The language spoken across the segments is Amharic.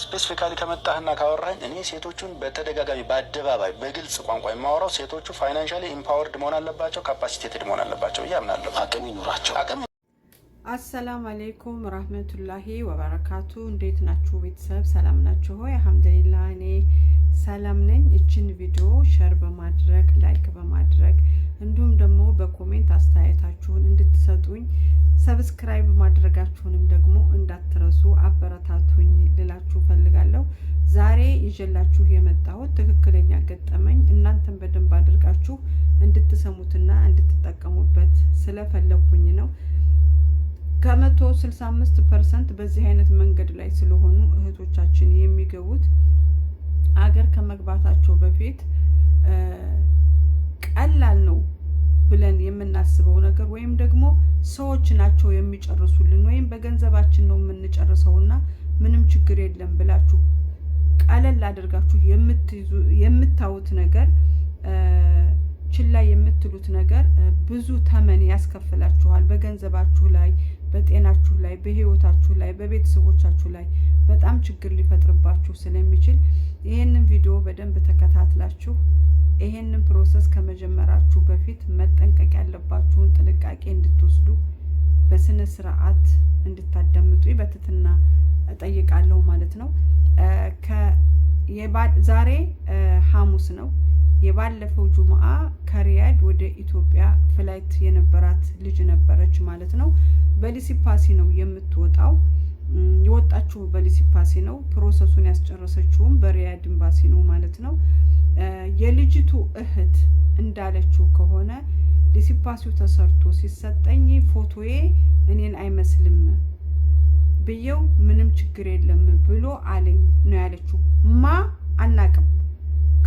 ስፔሲፊካሊ ከመጣህና ካወራኝ እኔ ሴቶቹን በተደጋጋሚ በአደባባይ በግልጽ ቋንቋ የማወራው ሴቶቹ ፋይናንሻሊ ኢምፓወርድ መሆን አለባቸው፣ ካፓሲቴትድ መሆን አለባቸው ብዬ አምናለሁ። አቅም ይኑራቸው። አቅም አሰላሙ አሌይኩም ረህመቱላሂ ወበረካቱ። እንዴት ናችሁ ቤተሰብ? ሰላም ናችሁ ሆይ? አልሐምዱሊላህ እኔ ሰላም ነኝ። እችን ቪዲዮ ሸር በማድረግ ላይክ በማድረግ እንዲሁም ደግሞ በኮሜንት አስተያየታችሁን እንድትሰጡኝ ሰብስክራይብ ማድረጋችሁንም ደግሞ እንዳትረሱ አበረታቱኝ ልላችሁ ፈልጋለሁ። ዛሬ ይዤላችሁ የመጣሁት ትክክለኛ ገጠመኝ እናንተን በደንብ አድርጋችሁ እንድትሰሙትና እንድትጠቀሙበት ስለፈለኩኝ ነው። ከመቶ ስልሳ አምስት ፐርሰንት በዚህ አይነት መንገድ ላይ ስለሆኑ እህቶቻችን የሚገቡት አገር ከመግባታቸው በፊት ቀላል ነው ብለን የምናስበው ነገር ወይም ደግሞ ሰዎች ናቸው የሚጨርሱልን ወይም በገንዘባችን ነው የምንጨርሰውና ምንም ችግር የለም ብላችሁ ቀለል አድርጋችሁ የምታዩት ነገር ችላ የምትሉት ነገር ብዙ ተመን ያስከፍላችኋል። በገንዘባችሁ ላይ፣ በጤናችሁ ላይ፣ በህይወታችሁ ላይ፣ በቤተሰቦቻችሁ ላይ በጣም ችግር ሊፈጥርባችሁ ስለሚችል ይህንን ቪዲዮ በደንብ ተከታትላችሁ ይሄንን ፕሮሰስ ከመጀመራችሁ በፊት መጠንቀቅ ያለባችሁን ጥንቃቄ እንድትወስዱ በስነ ስርዓት እንድታዳምጡ በትትና እጠይቃለሁ ማለት ነው። ዛሬ ሐሙስ ነው። የባለፈው ጁምአ ከሪያድ ወደ ኢትዮጵያ ፍላይት የነበራት ልጅ ነበረች ማለት ነው። በሊሲፓሲ ነው የምትወጣው። የወጣችሁ በሊሲፓሲ ነው። ፕሮሰሱን ያስጨረሰችውም በሪያድ ኤምባሲ ነው ማለት ነው። የልጅቱ እህት እንዳለችው ከሆነ ዲሲፓሲው ተሰርቶ ሲሰጠኝ ፎቶዬ እኔን አይመስልም ብየው ምንም ችግር የለም ብሎ አለኝ ነው ያለችው። ማ አናቅም።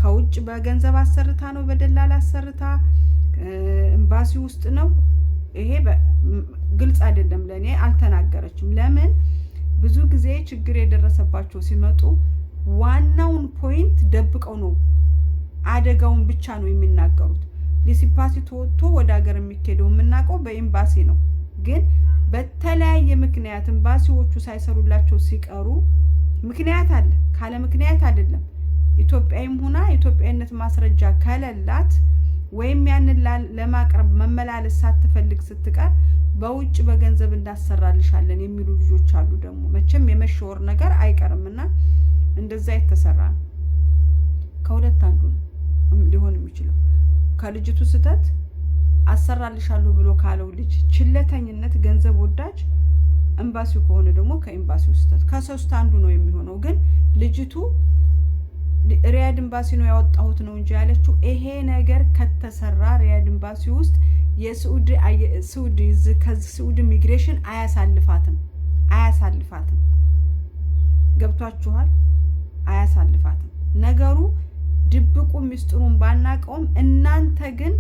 ከውጭ በገንዘብ አሰርታ ነው በደላል አሰርታ ኤምባሲ ውስጥ ነው። ይሄ ግልጽ አይደለም ለእኔ አልተናገረችም። ለምን ብዙ ጊዜ ችግር የደረሰባቸው ሲመጡ ዋናውን ፖይንት ደብቀው ነው አደጋውን ብቻ ነው የሚናገሩት። ሊሲፓሲ ተወጥቶ ወደ ሀገር የሚካሄደው የምናውቀው በኤምባሲ ነው። ግን በተለያየ ምክንያት ኤምባሲዎቹ ሳይሰሩላቸው ሲቀሩ ምክንያት አለ፣ ካለ ምክንያት አይደለም። ኢትዮጵያዊም ሆና ኢትዮጵያዊነት ማስረጃ ከሌላት ወይም ያንን ለማቅረብ መመላለስ ሳትፈልግ ስትቀር በውጭ በገንዘብ እንዳሰራልሻለን የሚሉ ልጆች አሉ። ደግሞ መቼም የመሸወር ነገር አይቀርምና እንደዛ የተሰራ ነው። ከሁለት አንዱ ነው። ሊሆን የሚችለው ከልጅቱ ስህተት አሰራልሻለሁ ብሎ ካለው ልጅ ችለተኝነት፣ ገንዘብ ወዳጅ ኤምባሲው ከሆነ ደግሞ ከኤምባሲው ስህተት ከሶስት አንዱ ነው የሚሆነው። ግን ልጅቱ ሪያድ ኤምባሲ ነው ያወጣሁት ነው እንጂ ያለችው ይሄ ነገር ከተሰራ ሪያድ ኤምባሲ ውስጥ የስዑድ ስዑድ ከዚህ ስዑድ ኢሚግሬሽን አያሳልፋትም አያሳልፋትም። ገብቷችኋል? አያሳልፋትም ነገሩ ድብቁ ሚስጥሩን ባናቀውም እናንተ ግን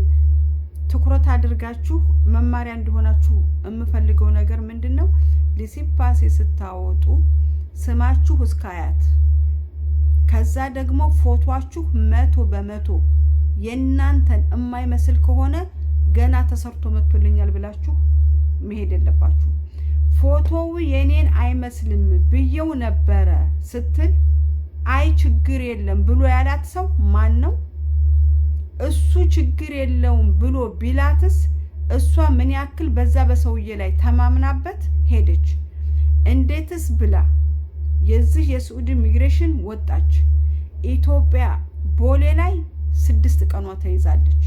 ትኩረት አድርጋችሁ መማሪያ እንደሆናችሁ የምፈልገው ነገር ምንድን ነው? ሊሲፓሴ ስታወጡ ስማችሁ እስከ አያት ከዛ ደግሞ ፎቷችሁ መቶ በመቶ የእናንተን የማይመስል ከሆነ ገና ተሰርቶ መጥቶልኛል ብላችሁ መሄድ የለባችሁ። ፎቶው የኔን አይመስልም ብየው ነበረ ስትል አይ ችግር የለም ብሎ ያላት ሰው ማን ነው? እሱ ችግር የለውም ብሎ ቢላትስ እሷ ምን ያክል በዛ በሰውዬ ላይ ተማምናበት ሄደች? እንዴትስ ብላ የዚህ የስዑድ ኢሚግሬሽን ወጣች? ኢትዮጵያ ቦሌ ላይ ስድስት ቀኗ ተይዛለች።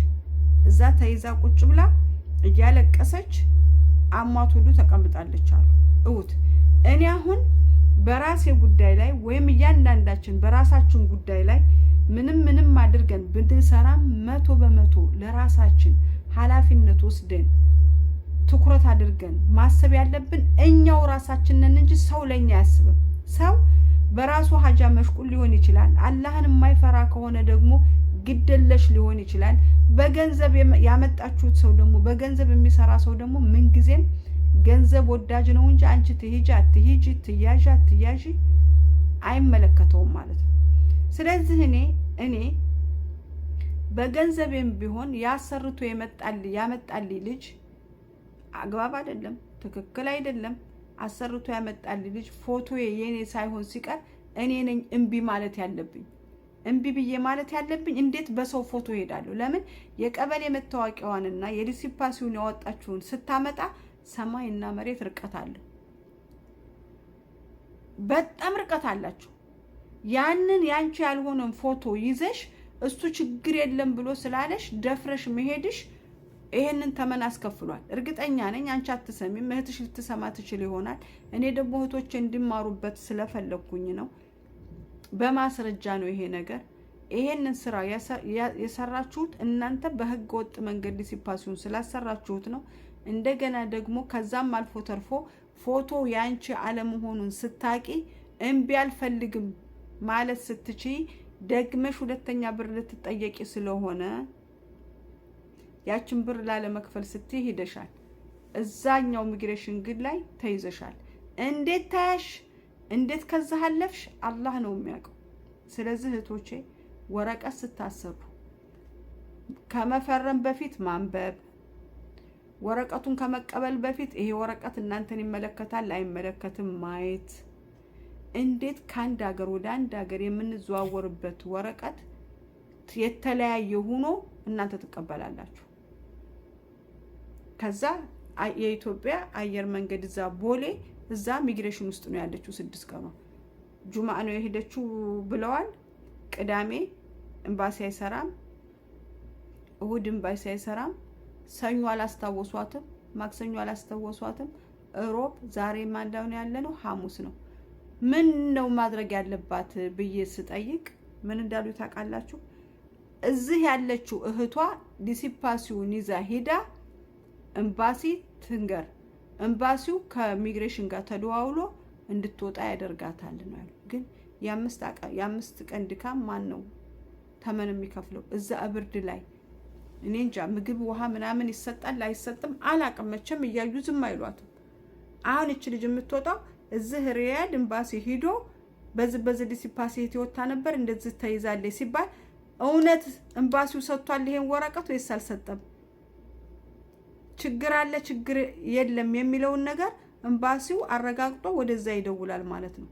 እዛ ተይዛ ቁጭ ብላ እያለቀሰች አሟት ሁሉ ተቀምጣለች አሉ እውት እኔ አሁን በራሴ ጉዳይ ላይ ወይም እያንዳንዳችን በራሳችን ጉዳይ ላይ ምንም ምንም አድርገን ብንሰራ መቶ በመቶ ለራሳችን ኃላፊነት ወስደን ትኩረት አድርገን ማሰብ ያለብን እኛው ራሳችንን እንጂ ሰው ለኛ አያስብም። ሰው በራሱ ሀጃ መሽቁል ሊሆን ይችላል። አላህን የማይፈራ ከሆነ ደግሞ ግደለሽ ሊሆን ይችላል። በገንዘብ ያመጣችሁት ሰው ደግሞ በገንዘብ የሚሰራ ሰው ደግሞ ምንጊዜም ገንዘብ ወዳጅ ነው እንጂ አንቺ ትሂጂ አትሂጂ ትያዥ አትያዥ አይመለከተውም ማለት ነው። ስለዚህ እኔ እኔ በገንዘቤም ቢሆን ያሰርቶ የመጣል ያመጣል ልጅ አግባብ አይደለም፣ ትክክል አይደለም። አሰርቶ ያመጣል ልጅ ፎቶ የኔ ሳይሆን ሲቀር እኔ ነኝ እምቢ ማለት ያለብኝ እምቢ ብዬ ማለት ያለብኝ። እንዴት በሰው ፎቶ ሄዳለሁ ለምን የቀበሌ መታወቂያዋንና የዲሲፓሲውን ያወጣችውን ስታመጣ ሰማይ እና መሬት ርቀት አለው። በጣም ርቀት አላችሁ። ያንን ያንቺ ያልሆነን ፎቶ ይዘሽ እሱ ችግር የለም ብሎ ስላለሽ ደፍረሽ መሄድሽ ይሄንን ተመን አስከፍሏል። እርግጠኛ ነኝ አንቺ አትሰሚም፣ እህትሽ ልትሰማ ትችል ይሆናል። እኔ ደግሞ እህቶች እንዲማሩበት ስለፈለግኩኝ ነው። በማስረጃ ነው ይሄ ነገር። ይሄንን ስራ የሰራችሁት እናንተ በህገ ወጥ መንገድ ዲሲፓሲውን ስላሰራችሁት ነው። እንደገና ደግሞ ከዛም አልፎ ተርፎ ፎቶ ያንቺ አለመሆኑን ስታቂ እምቢ አልፈልግም ማለት ስትቺ ደግመሽ ሁለተኛ ብር ልትጠየቂ ስለሆነ ያችን ብር ላለመክፈል ስትይ ሂደሻል። እዛኛው ሚግሬሽን ግን ላይ ተይዘሻል። እንዴት ታያሽ? እንዴት ከዛ አለፍሽ? አላህ ነው የሚያውቀው። ስለዚህ እህቶቼ ወረቀት ስታሰሩ ከመፈረም በፊት ማንበብ ወረቀቱን ከመቀበል በፊት ይሄ ወረቀት እናንተን ይመለከታል አይመለከትም ማየት እንዴት ከአንድ ሀገር ወደ አንድ ሀገር የምንዘዋወርበት ወረቀት የተለያየ ሆኖ እናንተ ትቀበላላችሁ። ከዛ የኢትዮጵያ አየር መንገድ እዛ ቦሌ እዛ ሚግሬሽን ውስጥ ነው ያለችው። ስድስት ቀኗ ጁማ ነው የሄደችው ብለዋል። ቅዳሜ ኤምባሲ አይሰራም፣ እሁድ ኤምባሲ አይሰራም። ሰኞ አላስታወሷትም፣ ማክሰኞ አላስታወሷትም፣ እሮብ፣ ዛሬ ማንዳውን ያለ ነው ሐሙስ ነው። ምን ነው ማድረግ ያለባት ብዬ ስጠይቅ ምን እንዳሉ ታውቃላችሁ? እዚህ ያለችው እህቷ ዲሲፓሲውን ይዛ ሂዳ ኤምባሲ ትንገር፣ ኤምባሲው ከሚግሬሽን ጋር ተደዋውሎ እንድትወጣ ያደርጋታል ነው ያሉ። ግን የአምስት ቀን ድካም ማን ነው ተመን የሚከፍለው? እዛ እብርድ ላይ እኔ እንጃ ምግብ ውሃ ምናምን ይሰጣል አይሰጥም አላቅም። መቼም እያዩ ዝም አይሏትም። አሁን እች ልጅ የምትወጣው እዚህ ሪያድ ኤምባሲ ሂዶ በዚ በዚህ ዲሲፓሲቲ ወታ ነበር እንደዚህ ተይዛለች ሲባል እውነት ኤምባሲው ሰጥቷል ይሄን ወረቀት ወይስ አልሰጠም? ችግር አለ ችግር የለም የሚለውን ነገር ኤምባሲው አረጋግጦ ወደዛ ይደውላል ማለት ነው።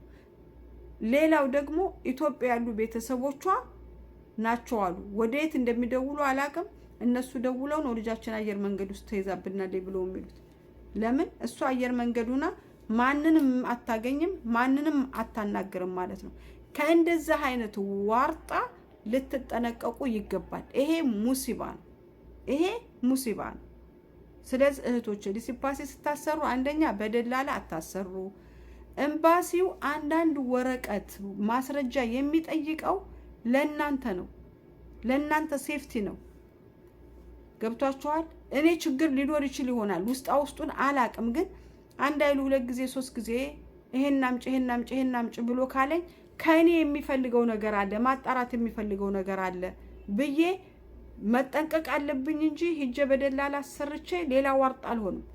ሌላው ደግሞ ኢትዮጵያ ያሉ ቤተሰቦቿ ናቸው አሉ። ወደ የት እንደሚደውሉ አላቅም። እነሱ ደውለው ነው ልጃችን አየር መንገድ ውስጥ ተይዛብናል ብለው የሚሉት። ለምን እሱ አየር መንገዱና ማንንም አታገኝም፣ ማንንም አታናግርም ማለት ነው። ከእንደዚህ አይነት ዋርጣ ልትጠነቀቁ ይገባል። ይሄ ሙሲባ ነው። ይሄ ሙሲባ ነው። ስለዚህ እህቶች ዲሲፓሲ ስታሰሩ አንደኛ በደላላ አታሰሩ። ኤምባሲው አንዳንድ ወረቀት ማስረጃ የሚጠይቀው ለእናንተ ነው፣ ለእናንተ ሴፍቲ ነው። ገብቷችኋል። እኔ ችግር ሊኖር ይችል ይሆናል ውስጣ ውስጡን አላቅም። ግን አንድ አይሉ ሁለት ጊዜ ሶስት ጊዜ ይሄን አምጪ ይሄን አምጪ ይሄን አምጪ ብሎ ካለኝ ከእኔ የሚፈልገው ነገር አለ፣ ማጣራት የሚፈልገው ነገር አለ ብዬ መጠንቀቅ አለብኝ እንጂ ሂጄ በደላላ አሰርቼ ሌላ ዋርጣ አልሆንም።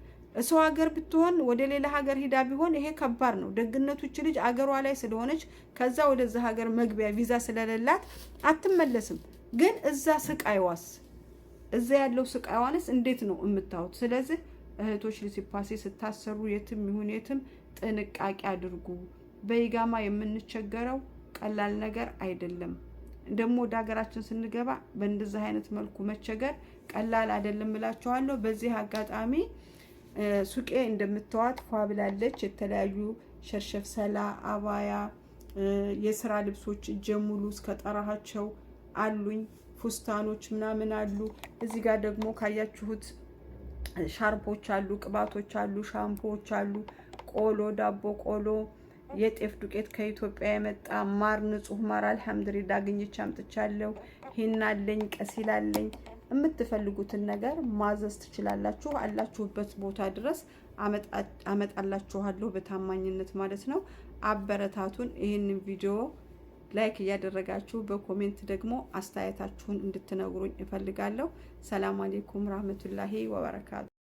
እሰው ሀገር ብትሆን ወደ ሌላ ሀገር ሂዳ ቢሆን ይሄ ከባድ ነው። ደግነቶች ልጅ አገሯ ላይ ስለሆነች ከዛ ወደዛ ሀገር መግቢያ ቪዛ ስለሌላት አትመለስም። ግን እዛ ስቃይዋስ እዛ ያለው ስቃዋንስ እንዴት ነው የምታዩት? ስለዚህ እህቶች ሊሲፓሴ ስታሰሩ የትም ይሁን የትም ጥንቃቄ አድርጉ። በይጋማ የምንቸገረው ቀላል ነገር አይደለም። ደግሞ ወደ ሀገራችን ስንገባ በእንደዚህ አይነት መልኩ መቸገር ቀላል አይደለም እላችኋለሁ። በዚህ አጋጣሚ ሱቄ እንደምታዋት ፏ ብላለች። የተለያዩ ሸርሸፍ ሰላ፣ አባያ፣ የስራ ልብሶች እጀሙሉ እስከ ጠራሃቸው አሉኝ። ፉስታኖች ምናምን አሉ። እዚህ ጋር ደግሞ ካያችሁት ሻርፖች አሉ፣ ቅባቶች አሉ፣ ሻምፖዎች አሉ። ቆሎ፣ ዳቦ ቆሎ፣ የጤፍ ዱቄት ከኢትዮጵያ የመጣ ማር፣ ንጹህ ማር አልሐምድሊላ አግኝቼ አምጥቻለሁ። ሂና አለኝ፣ ቀሲል አለኝ። የምትፈልጉትን ነገር ማዘዝ ትችላላችሁ። አላችሁበት ቦታ ድረስ አመጣላችኋለሁ በታማኝነት ማለት ነው። አበረታቱን። ይህንን ቪዲዮ ላይክ እያደረጋችሁ በኮሜንት ደግሞ አስተያየታችሁን እንድትነግሩኝ እፈልጋለሁ። ሰላም አሌይኩም ራህመቱላሂ ወበረካቱ